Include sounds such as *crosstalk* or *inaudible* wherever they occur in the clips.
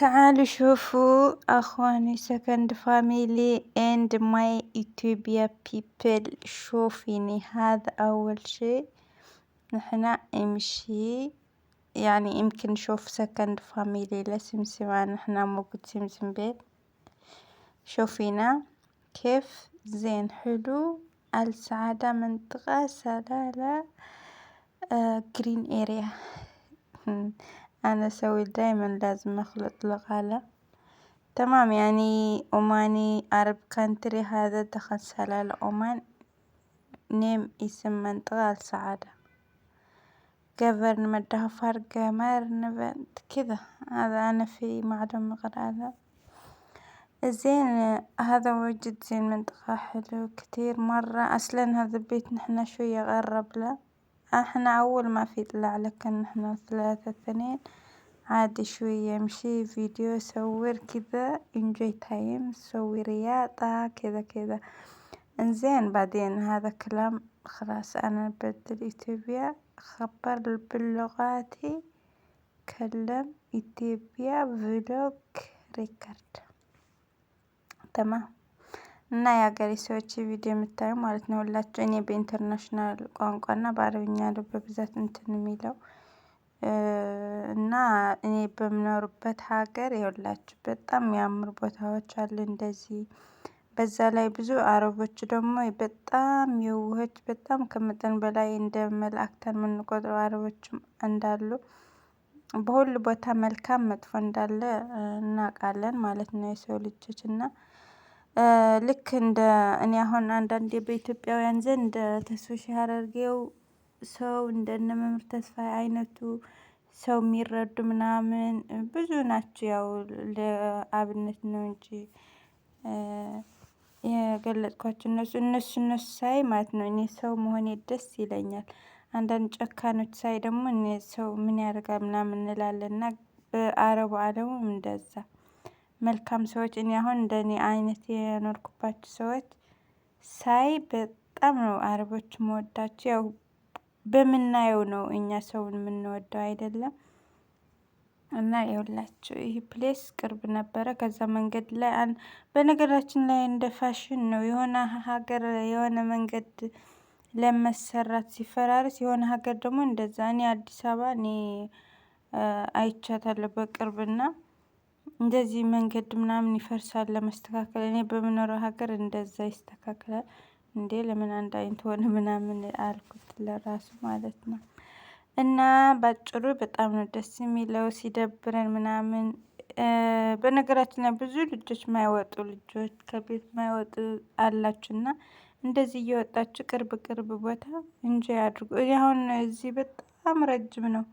تعالوا شوفوا اخواني سكند فاميلي and ماي ايتوبيا بيبل شوفيني هذا اول شيء نحنا امشي يعني يمكن نشوف فاميلي لا لسمسمة نحنا مو سمسم بيت شوفينا كيف زين حلو السعادة منطقة سلالة جرين آه، اريا *laughs* أنا أسوي دايما لازم أخلط الغالة، تمام يعني أماني عرب كانتري هذا دخل سلالة أمان نيم اسم منطقة سعادة، قبل مدها فرق مرن كذا هذا أنا في معدن الغلالة، زين هذا واجد زين منطقة حلو كتير مرة أصلًا هذا البيت نحنا شوية غرب له. احنا اول ما في طلع لكن احنا ثلاثة اثنين عادي شوية امشي فيديو صور كذا انجي تايم سوي رياضة كذا كذا انزين بعدين هذا كلام خلاص انا بدل ايتوبيا خبر باللغاتي كلم ايتوبيا فلوك ريكارد تمام እና የሀገሬ ሰዎች ቪዲዮ የምታዩ ማለት ነው ሁላቸው እኔ በኢንተርናሽናል ቋንቋና በአረብኛ ነው በብዛት እንትን የሚለው እና እኔ በምኖርበት ሀገር የሁላችሁ በጣም የሚያምር ቦታዎች አሉ። እንደዚህ በዛ ላይ ብዙ አረቦች ደግሞ በጣም የዋሆች በጣም ከመጠን በላይ እንደ መላእክተን የምንቆጥረው አረቦችም እንዳሉ በሁሉ ቦታ መልካም መጥፎ እንዳለ እናውቃለን ማለት ነው። የሰው ልጆች እና ልክ እንደ እኔ አሁን አንዳንዴ በኢትዮጵያውያን ዘንድ ተስፍሽ ያደርገው ሰው እንደነ መምህር ተስፋ አይነቱ ሰው የሚረዱ ምናምን ብዙ ናቸው። ያው ለአብነት ነው እንጂ የገለጽኳቸው እነሱ እነሱ እነሱ ሳይ ማለት ነው እኔ ሰው መሆኔ ደስ ይለኛል። አንዳንድ ጨካኖች ሳይ ደግሞ እኔ ሰው ምን ያደርጋል ምናምን እንላለንና በአረቡ አለሙ እንደዛ መልካም ሰዎች እኔ አሁን እንደኔ አይነት የኖርኩባቸው ሰዎች ሳይ በጣም ነው አረቦች መወዳቸው። ያው በምናየው ነው እኛ ሰውን የምንወደው አይደለም። እና ይኸውላችሁ ይህ ፕሌስ ቅርብ ነበረ። ከዛ መንገድ ላይ በነገራችን ላይ እንደ ፋሽን ነው የሆነ ሀገር የሆነ መንገድ ለመሰራት ሲፈራርስ የሆነ ሀገር ደግሞ እንደዛ እኔ አዲስ አበባ እኔ አይቻታለሁ በቅርብና እንደዚህ መንገድ ምናምን ይፈርሳል ለመስተካከል። እኔ በምኖረው ሀገር እንደዛ ይስተካከላል እንዴ ለምን አንድ አይነት ሆነ ምናምን አልኩት ለራሱ ማለት ነው። እና ባጭሩ በጣም ነው ደስ የሚለው ሲደብረን ምናምን። በነገራችን ላይ ብዙ ልጆች ማይወጡ ልጆች ከቤት ማይወጡ አላችሁ እና እንደዚህ እየወጣችሁ ቅርብ ቅርብ ቦታ እንጂ አድርጉ። አሁን እዚህ በጣም ረጅም ነው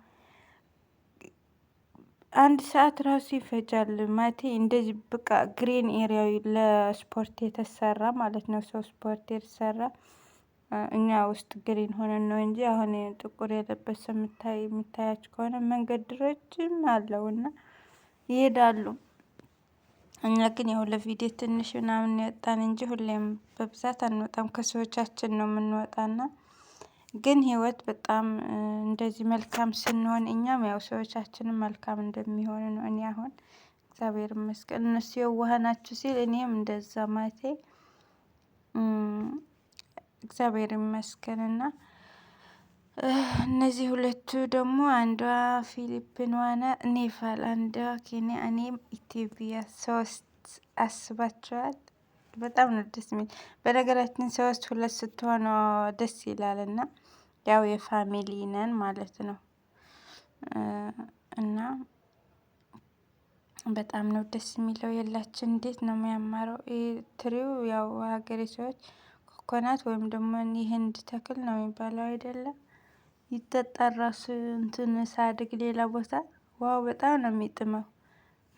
አንድ ሰዓት ራሱ ይፈጃል። ማቴ እንደዚህ በቃ ግሪን ኤሪያዊ ለስፖርት የተሰራ ማለት ነው። ሰው ስፖርት የተሰራ እኛ ውስጥ ግሪን ሆነን ነው እንጂ አሁን ጥቁር የለበሰ የምታይ የምታያች ከሆነ መንገድ ረጅም አለው እና ይሄዳሉ። እኛ ግን ያው ለቪዲዮ ትንሽ ምናምን ያወጣን እንጂ ሁሌም በብዛት አንወጣም። ከሰዎቻችን ነው የምንወጣና ግን ህይወት በጣም እንደዚህ መልካም ስንሆን እኛም ያው ሰዎቻችንም መልካም እንደሚሆን ነው። እኔ አሁን እግዚአብሔር ይመስገን እነሱ የዋህ ናቸው ሲል እኔም እንደዛ ማቴ እግዚአብሔር ይመስገን። እና እነዚህ ሁለቱ ደግሞ አንዷ ፊሊፒንዋና ኔፋል አንዷ ኬንያ እኔም ኢትዮጵያ ሶስት አስባቸዋል በጣም ነው ደስ የሚል። በነገራችን ሶስት ሁለት ስትሆኑ ደስ ይላል እና ያው የፋሚሊ ነን ማለት ነው። እና በጣም ነው ደስ የሚለው የላችን እንዴት ነው የሚያማረው ትሪው ያው ሀገሬ ሰዎች ኮኮናት ወይም ደግሞ የህንድ ተክል ነው የሚባለው አይደለም። ይጠጣል ራሱ እንትን ሳድግ ሌላ ቦታ ዋው በጣም ነው የሚጥመው።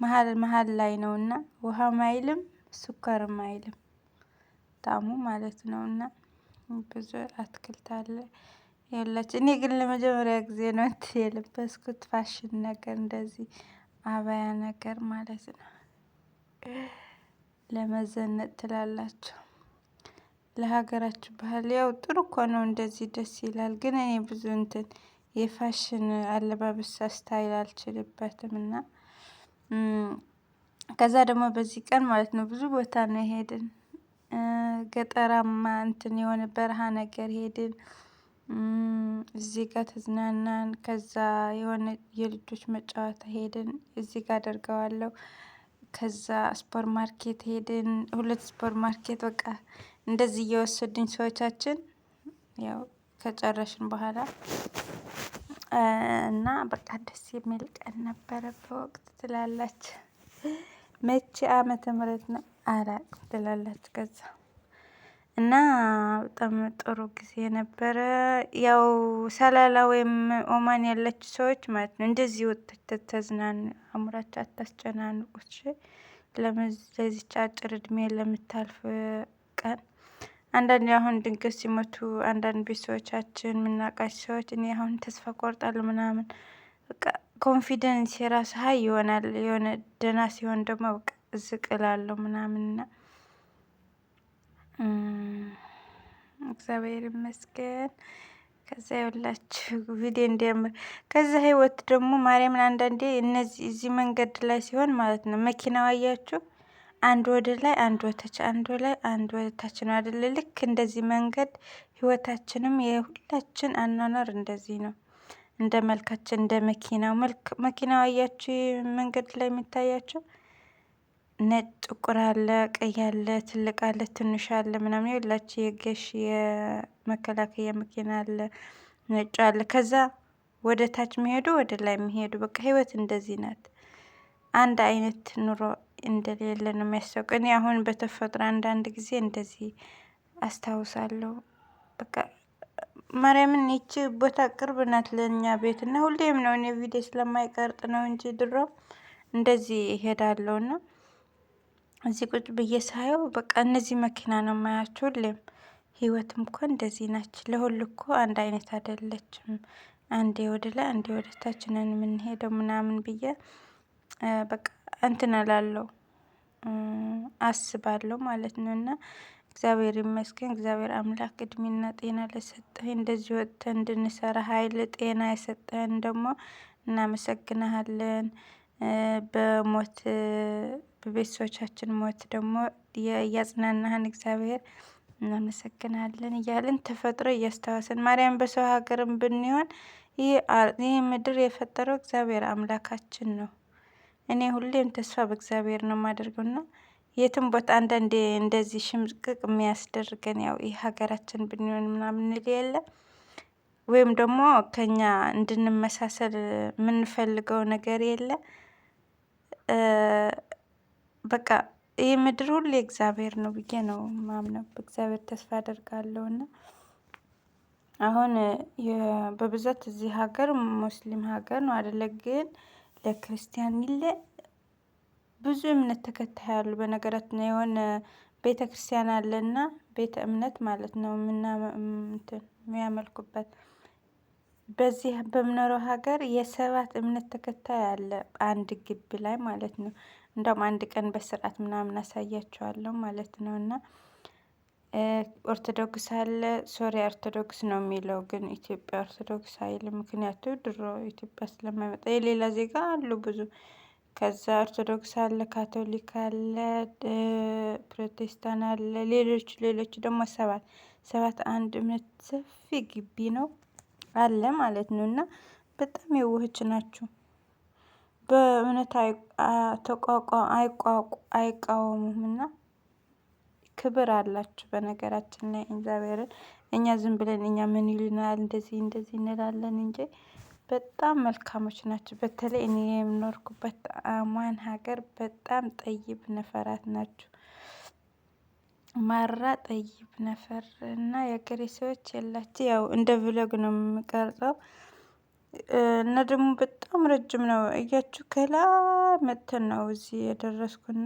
መሀል መሀል ላይ እና ውሃም አይልም ስኳርም አይልም። ጣሙ ማለት እና ብዙ አትክልት አለ ያላችሁ። እኔ ግን ለመጀመሪያ ጊዜ ነው የለበስኩት ፋሽን ነገር እንደዚህ አባያ ነገር ማለት ነው። ለመዘነጥ ትላላችሁ ለሀገራችሁ ባህል ያው ጥሩ እኮ ነው፣ እንደዚህ ደስ ይላል። ግን እኔ ብዙ እንትን የፋሽን አለባበስ ስታይል አልችልበትም እና ከዛ ደግሞ በዚህ ቀን ማለት ነው ብዙ ቦታ ነው ሄድን፣ ገጠራማ እንትን የሆነ በረሃ ነገር ሄድን። እዚህ ጋር ተዝናናን። ከዛ የሆነ የልጆች መጫወታ ሄድን። እዚህ ጋር አደርገዋለሁ። ከዛ ሱፐር ማርኬት ሄድን። ሁለት ሱፐር ማርኬት በቃ እንደዚህ እየወሰዱኝ ሰዎቻችን ያው ከጨረሽን በኋላ እና በቃ ደስ የሚል ቀን ነበረ። በወቅት ትላላች መቼ አመተ ምህረት ነው አላውቅም ትላላች ከዛ እና በጣም ጥሩ ጊዜ ነበረ። ያው ሰላላ ወይም ኦማን ያለች ሰዎች ማለት ነው እንደዚህ ወጥተህ ተዝናኑ፣ አእምሯችሁ አታስጨናንቁ። እሺ ለዚች አጭር እድሜ ለምታልፍ ቀን አንዳንድ አሁን ድንገት ሲሞቱ አንዳንድ ቤተሰቦቻችን የምናውቃቸው ሰዎች እኔ አሁን ተስፋ ቆርጣለሁ ምናምን በቃ ኮንፊደንስ የራስ ሀይ ይሆናል። የሆነ ደህና ሲሆን ደግሞ በቃ ዝቅ እላለሁ ምናምን እና እግዚአብሔር ይመስገን። ከዛ የሁላችሁ ቪዲዮ እንዲያምር ከዛ ህይወት ደግሞ ማርያምን አንዳንዴ እነዚህ እዚህ መንገድ ላይ ሲሆን ማለት ነው መኪና ዋያችሁ አንድ ወደ ላይ አንድ ወተች አንድ ወደ ላይ አንድ ወተች ነው አደለ? ልክ እንደዚህ መንገድ ህይወታችንም የሁላችን አኗኗር እንደዚህ ነው። እንደ መልካችን እንደ መኪናው መልክ መኪና መንገድ ላይ የሚታያቸው ነጭ፣ ጥቁር አለ፣ ቀይ አለ፣ ትልቅ አለ፣ ትንሽ አለ ምናምን የላቸው የገሽ የመከላከያ መኪና አለ፣ ነጭ አለ። ከዛ ወደ ታች መሄዱ ወደ ላይ መሄዱ በቃ ህይወት እንደዚህ ናት። አንድ አይነት ኑሮ እንደሌለ ነው የሚያስታውቅ። እኔ አሁን በተፈጥሮ አንዳንድ ጊዜ እንደዚህ አስታውሳለሁ። በቃ ማርያምን ይቺ ቦታ ቅርብ ናት ለእኛ ቤት እና ሁሌም ነው እኔ ቪዲዮ ስለማይቀርጥ ነው እንጂ ድሮ እንደዚህ ይሄዳለሁ እና እዚህ ቁጭ ብዬ ሳየው በቃ እነዚህ መኪና ነው ማያቸው። ሁሌም ህይወትም እኮ እንደዚህ ናች። ለሁሉ እኮ አንድ አይነት አይደለችም። አንዴ ወደ ላይ አንዴ ወደ ታች ነን የምንሄደው ምናምን ብዬ በቃ እንትን እላለሁ አስባለሁ ማለት ነው። እና እግዚአብሔር ይመስገን እግዚአብሔር አምላክ እድሜና ጤና ለሰጠህ እንደዚህ ወጥተ እንድንሰራ ኃይል ጤና የሰጠህን ደግሞ እናመሰግናሃለን በሞት በቤተሰቦቻችን ሞት ደግሞ እያጽናናህን እግዚአብሔር እናመሰግናለን እያልን ተፈጥሮ እያስታወስን ማርያም በሰው ሀገርም ብንሆን ይህ ምድር የፈጠረው እግዚአብሔር አምላካችን ነው። እኔ ሁሌም ተስፋ በእግዚአብሔር ነው የማደርገውና የትም ቦታ አንዳንዴ እንደዚህ ሽምቅቅ የሚያስደርገን ያው ይህ ሀገራችን ብንሆን ምናምን ል የለ ወይም ደግሞ ከኛ እንድንመሳሰል የምንፈልገው ነገር የለ በቃ ይህ ምድር ሁሉ የእግዚአብሔር ነው ብዬ ነው ማምነው። በእግዚአብሔር ተስፋ አደርጋለሁ እና አሁን በብዛት እዚህ ሀገር ሙስሊም ሀገር ነው አደለ? ግን ለክርስቲያን ይለ ብዙ እምነት ተከታይ ያሉ በነገራት ነው የሆነ ቤተ ክርስቲያን አለና ቤተ እምነት ማለት ነው ምና የሚያመልኩበት በዚህ በምኖረው ሀገር የሰባት እምነት ተከታይ አለ አንድ ግቢ ላይ ማለት ነው። እንደውም አንድ ቀን በስርዓት ምናምን አሳያቸዋለሁ ማለት ነው። እና ኦርቶዶክስ አለ ሶሪያ ኦርቶዶክስ ነው የሚለው ግን ኢትዮጵያ ኦርቶዶክስ አይል። ምክንያቱ ድሮ ኢትዮጵያ ስለማይመጣ የሌላ ዜጋ አሉ ብዙ ከዛ ኦርቶዶክስ አለ ካቶሊክ አለ ፕሮቴስታን አለ ሌሎች ሌሎች ደግሞ ሰባት ሰባት አንድ እምነት ሰፊ ግቢ ነው አለ ማለት ነው። እና በጣም የዋሆች ናቸው። በእውነት አይቃወሙም እና ክብር አላቸው። በነገራችን ላይ እግዚአብሔርን እኛ ዝም ብለን እኛ ምን ይልናል እንደዚህ እንደዚህ እንላለን እንጂ በጣም መልካሞች ናቸው። በተለይ እኔ የምኖርኩበት አማን ሀገር በጣም ጠይብ ነፈራት ናቸው ማራ ጠይብ ነፈር እና የገሬ ሰዎች ያላቸው ያው እንደ ቪሎግ ነው የምቀርጸው። እና ደግሞ በጣም ረጅም ነው እያችሁ ከላ መጥተን ነው እዚህ የደረስኩና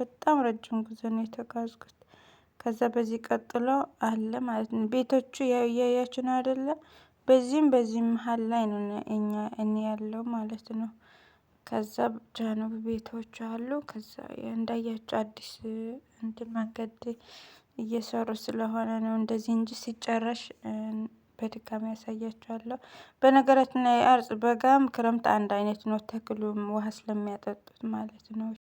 በጣም ረጅም ጉዞ ነው የተጓዝኩት። ከዛ በዚህ ቀጥሎ አለ ማለት ነው ቤቶቹ ያው እያያችሁ ነው አይደለ? በዚህም በዚህ መሃል ላይ ነው እኛ እኔ ያለው ማለት ነው ከዛ ጃኑብ ቤቶች አሉ። ከዛ እንዳያቸው አዲስ እንድ መንገድ እየሰሩ ስለሆነ ነው እንደዚህ እንጂ ሲጨረሽ በድጋሚ ያሳያቸዋለሁ። በነገራችን ላይ አርጽ በጋም ክረምት አንድ አይነት ነው። ተክሉም ውሃ ስለሚያጠጡት ማለት ነው።